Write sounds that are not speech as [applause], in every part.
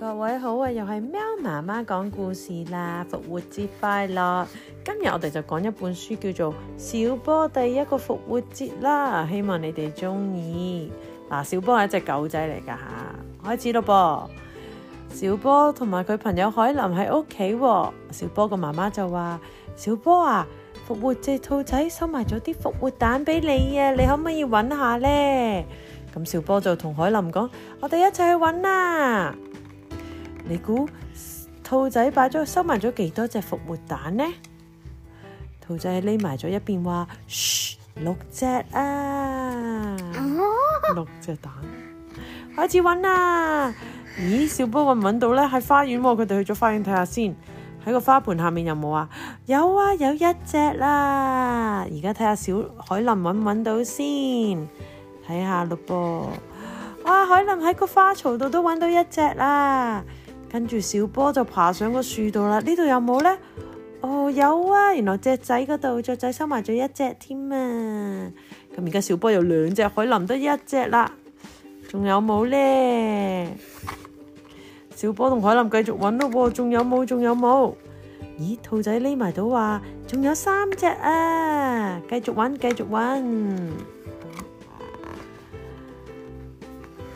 各位好啊！又係喵媽媽講故事啦，復活節快樂！今日我哋就講一本書，叫做《小波第一個復活節》啦。希望你哋中意嗱。小波係一隻狗仔嚟㗎吓，開始咯噃。小波同埋佢朋友海琳喺屋企，小波個媽媽就話：小波啊，復活節兔仔收埋咗啲復活蛋俾你啊，你可唔可以揾下呢？咁小波就同海琳講：我哋一齊去揾啦！你估兔仔擺咗收埋咗幾多隻復活蛋呢？兔仔匿埋咗一邊話：嘘，六隻啊，六隻蛋，開始揾啦！咦，小波揾唔揾到咧？喺花園啊，佢哋去咗花園睇下先。喺個花盆下面有冇啊？有啊，有一隻啦啊。而家睇下小海林揾唔揾到先，睇下六波。啊，海林喺個花槽度都揾到一隻啦啊。跟住小波就爬上個樹度啦，有有呢度有冇咧？哦，有啊！原來只仔嗰度只仔收埋咗一隻添啊！咁而家小波有兩隻，海琳得一隻啦。仲有冇咧？小波同海琳繼續搵咯，仲有冇？仲有冇？咦，兔仔匿埋到話，仲有三隻啊！繼續搵，繼續搵。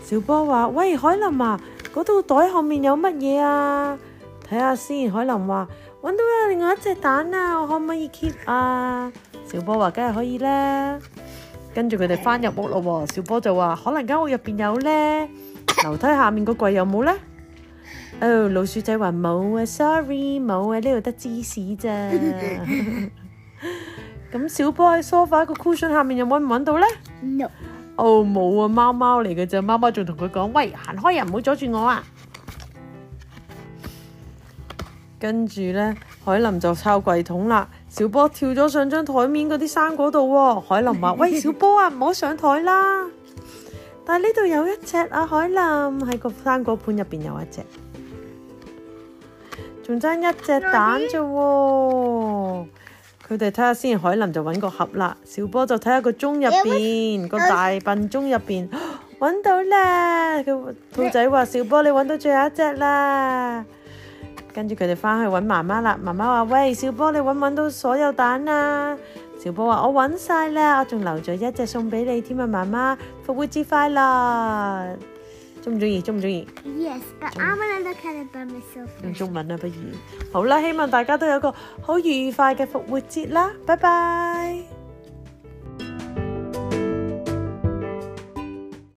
小波話，喂，海琳啊！嗰套袋後面有乜嘢啊？睇下先。海琳話搵到啊，另外一隻蛋啊，我可唔可以 keep 啊？小波話梗係可以啦。跟住佢哋翻入屋咯。小波就話可能間屋入邊有呢？樓梯下面個櫃有冇呢？哦，啊，老鼠仔話冇啊，sorry 冇啊，呢度得芝士咋。咁 [laughs] 小波喺梳化個 cushion 下面又搵唔搵到呢？No 哦，冇啊，貓貓嚟嘅。隻貓貓仲同佢講，喂，行開啊，唔好阻住我啊。跟住呢，海林就抄櫃桶啦，小波跳咗上張台面嗰啲生果度喎，哦，海林話，啊， [laughs] 喂，小波啊，唔好上台啦。但係呢度有一隻啊，海林喺個生果盤入邊有一隻，仲爭一隻蛋咋喎，哦。佢哋睇下先看看，海琳就揾個盒啦，小波就睇下個鐘入邊，個大笨鐘入邊，揾、啊、到啦！兔仔話：小波，你揾到最後一隻啦！跟住佢哋返去揾媽媽啦。媽媽話：喂，小波，你揾唔揾到所有蛋啊？小波話：我揾晒啦，我仲留咗一隻送俾你添啊！媽媽，復活節快樂！中唔中意？中唔中意？Yes，but I want to look at it by myself。用中文啦、啊，不如。好啦，希望大家都有個好愉快嘅復活節啦，拜拜。